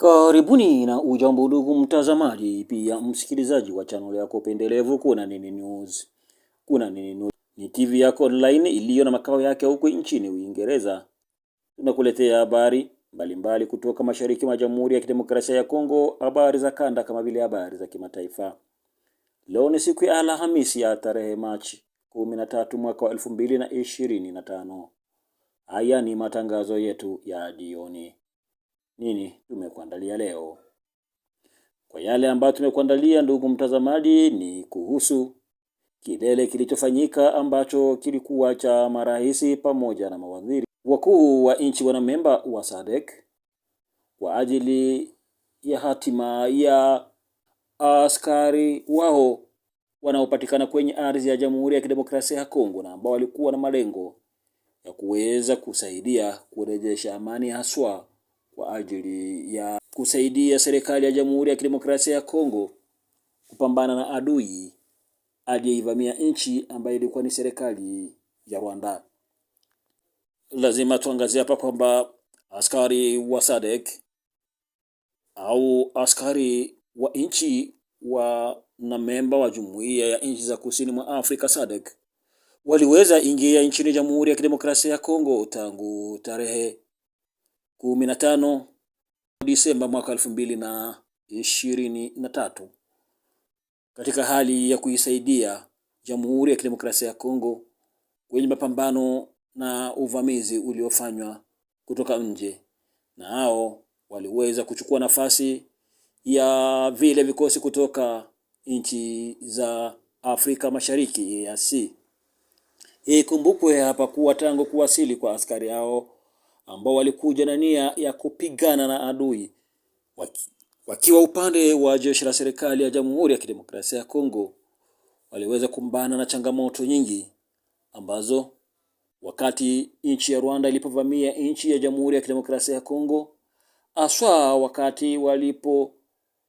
Karibuni na ujambo ndugu mtazamaji, pia msikilizaji wa channel yako pendelevu Kuna Nini News. Kuna Nini News ni TV yako online iliyo na makao yake huko nchini Uingereza. Tunakuletea habari mbalimbali kutoka mashariki mwa Jamhuri ya Kidemokrasia ya Kongo, habari za kanda kama vile habari za kimataifa. Leo ni siku ya Alhamisi ya tarehe Machi 13 mwaka wa 2025. Haya ni matangazo yetu ya jioni nini tumekuandalia leo. Kwa yale ambayo tumekuandalia, ndugu mtazamaji, ni kuhusu kilele kilichofanyika ambacho kilikuwa cha marais pamoja na mawaziri wakuu wa nchi wanamemba wa SADC kwa ajili ya hatima ya askari wao wanaopatikana kwenye ardhi ya Jamhuri ya Kidemokrasia ya Kongo na ambao walikuwa na malengo ya kuweza kusaidia kurejesha amani haswa kwa ajili ya kusaidia serikali ya Jamhuri ya Kidemokrasia ya Kongo kupambana na adui aliyeivamia nchi ambayo ilikuwa ni serikali ya Rwanda. Lazima tuangazie hapa kwamba askari wa SADC au askari wa nchi wa na memba wa jumuiya ya nchi za kusini mwa Afrika SADC waliweza ingia nchini Jamhuri ya Kidemokrasia ya Kongo tangu tarehe kumi na tano Disemba mwaka elfu mbili na ishirini na tatu katika hali ya kuisaidia Jamhuri ya Kidemokrasia ya Kongo kwenye mapambano na uvamizi uliofanywa kutoka nje, na hao waliweza kuchukua nafasi ya vile vikosi kutoka nchi za Afrika Mashariki EAC. Ikumbukwe hapa kuwa tangu kuwasili kwa askari hao ambao walikuja na nia ya kupigana na adui waki, wakiwa upande wa jeshi la serikali ya Jamhuri ya Kidemokrasia ya Kongo waliweza kumbana na changamoto nyingi ambazo wakati nchi ya Rwanda ilipovamia nchi ya Jamhuri ya Kidemokrasia ya Kongo, aswa wakati walipo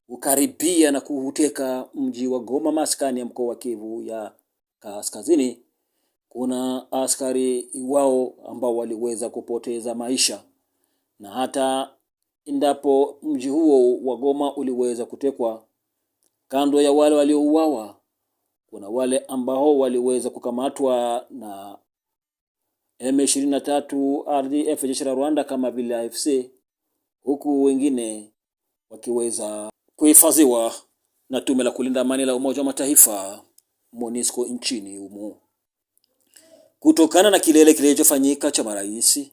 ukaribia na kuuteka mji wa Goma, maskani ya mkoa wa Kivu ya Kaskazini, kuna askari wao ambao waliweza kupoteza maisha, na hata endapo mji huo wa Goma uliweza kutekwa, kando ya wale waliouawa, kuna wale ambao waliweza kukamatwa na M23 RDF, jeshi la Rwanda kama vile AFC, huku wengine wakiweza kuhifadhiwa na tume la kulinda amani la Umoja wa Mataifa MONUSCO nchini humo kutokana na kilele kilichofanyika cha marais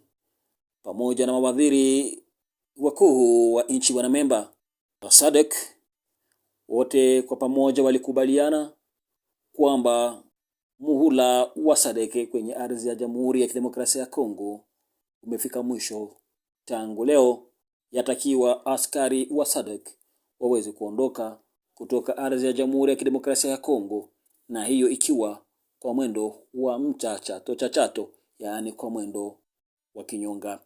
pamoja na mawaziri wakuu wa nchi wanamemba wa SADC wote kwa pamoja walikubaliana kwamba muhula wa SADC kwenye ardhi ya Jamhuri ya Kidemokrasia ya Kongo umefika mwisho. Tangu leo, yatakiwa askari wa SADC waweze kuondoka kutoka ardhi ya Jamhuri ya Kidemokrasia ya Kongo, na hiyo ikiwa kwa mwendo wa mchachato chachato, yaani kwa mwendo wa kinyonga.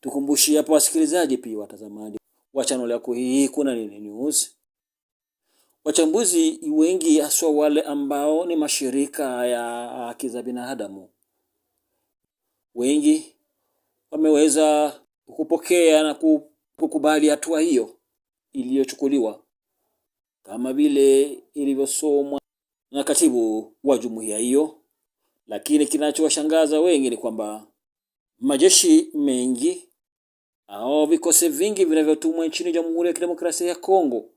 Tukumbushie hapa wasikilizaji pia watazamaji wa channel yako hii Kuna Nini News, wachambuzi wengi haswa wale ambao ni mashirika ya haki za binadamu, wengi wameweza kupokea na kukubali hatua hiyo iliyochukuliwa kama vile ilivyosomwa na katibu wa jumuiya hiyo. Lakini kinachowashangaza wengi ni kwamba majeshi mengi au vikosi vingi vinavyotumwa nchini Jamhuri ya Kidemokrasia ya Kongo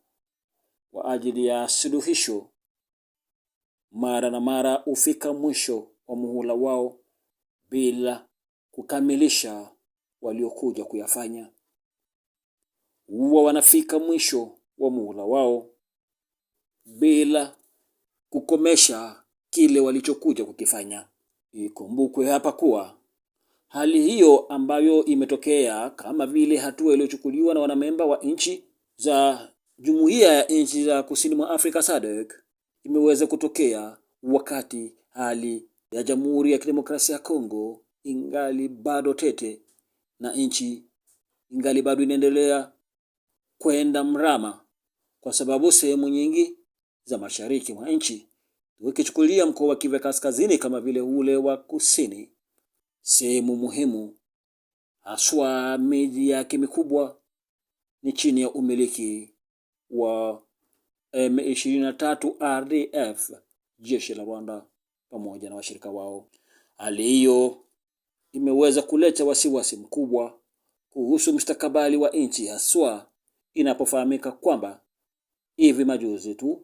kwa ajili ya suluhisho mara na mara hufika mwisho wa muhula wao bila kukamilisha waliokuja kuyafanya. Huwa wanafika mwisho wa muhula wao bila kukomesha kile walichokuja kukifanya. Ikumbukwe hapa kuwa hali hiyo ambayo imetokea kama vile hatua iliyochukuliwa na wanamemba wa nchi za jumuiya ya nchi za kusini mwa Afrika SADC imeweza kutokea wakati hali ya Jamhuri ya Kidemokrasia ya Kongo ingali bado tete na nchi ingali bado inaendelea kwenda mrama, kwa sababu sehemu nyingi za mashariki mwa nchi, tukichukulia mkoa wa Kivu Kaskazini kama vile ule wa kusini, sehemu muhimu haswa miji yake mikubwa ni chini ya umiliki wa eh, M23 RDF, jeshi la Rwanda pamoja na washirika wao. Hali hiyo imeweza kuleta wasiwasi mkubwa kuhusu mustakabali wa nchi, haswa inapofahamika kwamba hivi majuzi tu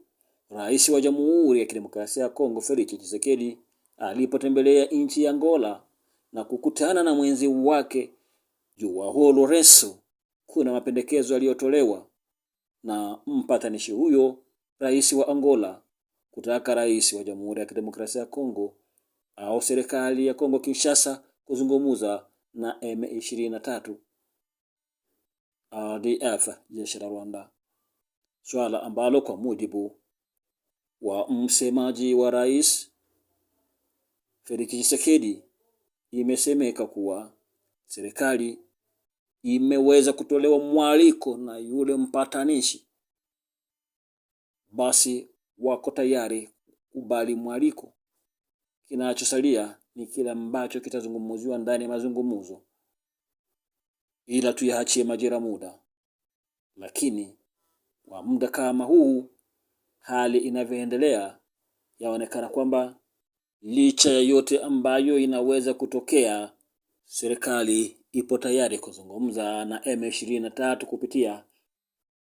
Rais wa Jamhuri ya Kidemokrasia ya Kongo Felix Tshisekedi alipotembelea nchi ya Angola na kukutana na mwenzi wake Joao Lourenço, kuna mapendekezo yaliyotolewa na mpatanishi huyo, rais wa Angola, kutaka rais wa Jamhuri ya Kidemokrasia ya Kongo au serikali ya Kongo Kinshasa kuzungumza na M23 RDF, jeshi la Rwanda, swala ambalo kwa mujibu wa msemaji wa rais Felix Tshisekedi imesemeka kuwa serikali imeweza kutolewa mwaliko na yule mpatanishi, basi wako tayari kukubali mwaliko. Kinachosalia ni kile ambacho kitazungumziwa ndani ya mazungumzo, ila tuyaachie majira muda. Lakini kwa muda kama huu hali inavyoendelea, yaonekana kwamba licha ya yote ambayo inaweza kutokea, serikali ipo tayari kuzungumza na M23 kupitia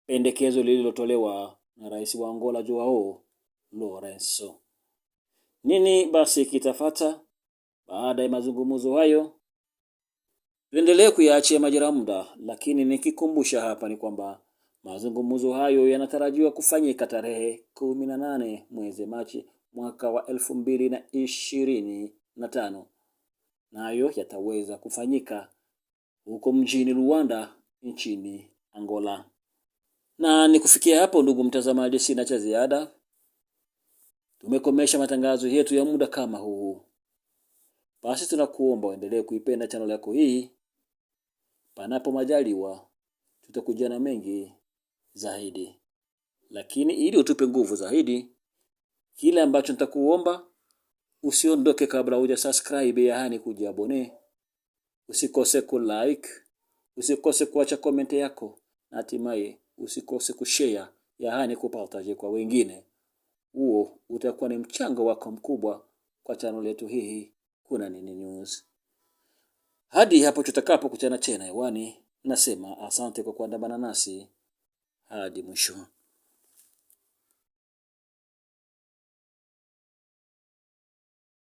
pendekezo lililotolewa na rais wa Angola Joao Lourenço. Nini basi kitafata baada ya mazungumzo hayo? Tuendelee kuyaachia majira muda, lakini nikikumbusha hapa ni kwamba Mazungumzo hayo yanatarajiwa kufanyika tarehe kumi na nane mwezi Machi mwaka wa elfu mbili na ishirini na tano nayo yataweza kufanyika huko mjini Luanda nchini Angola. Na ni kufikia hapo, ndugu mtazamaji, sina cha ziada. Tumekomesha matangazo yetu ya muda kama huu, basi tunakuomba uendelee kuipenda channel yako hii. Panapo majaliwa, tutakuja na mengi zaidi. Lakini ili utupe nguvu zaidi, kile ambacho nitakuomba usiondoke kabla uja subscribe, yaani kujiabone. Usikose like, usikose kuacha komenti yako, na hatimaye usikose kushare, yaani kupartaje kwa wengine. Huo utakuwa ni mchango wako mkubwa kwa channel yetu hii Kuna Nini News. Hadi hapo tutakapo kuchana chena hewani, nasema asante kwa kuandamana nasi. Adam, on chante.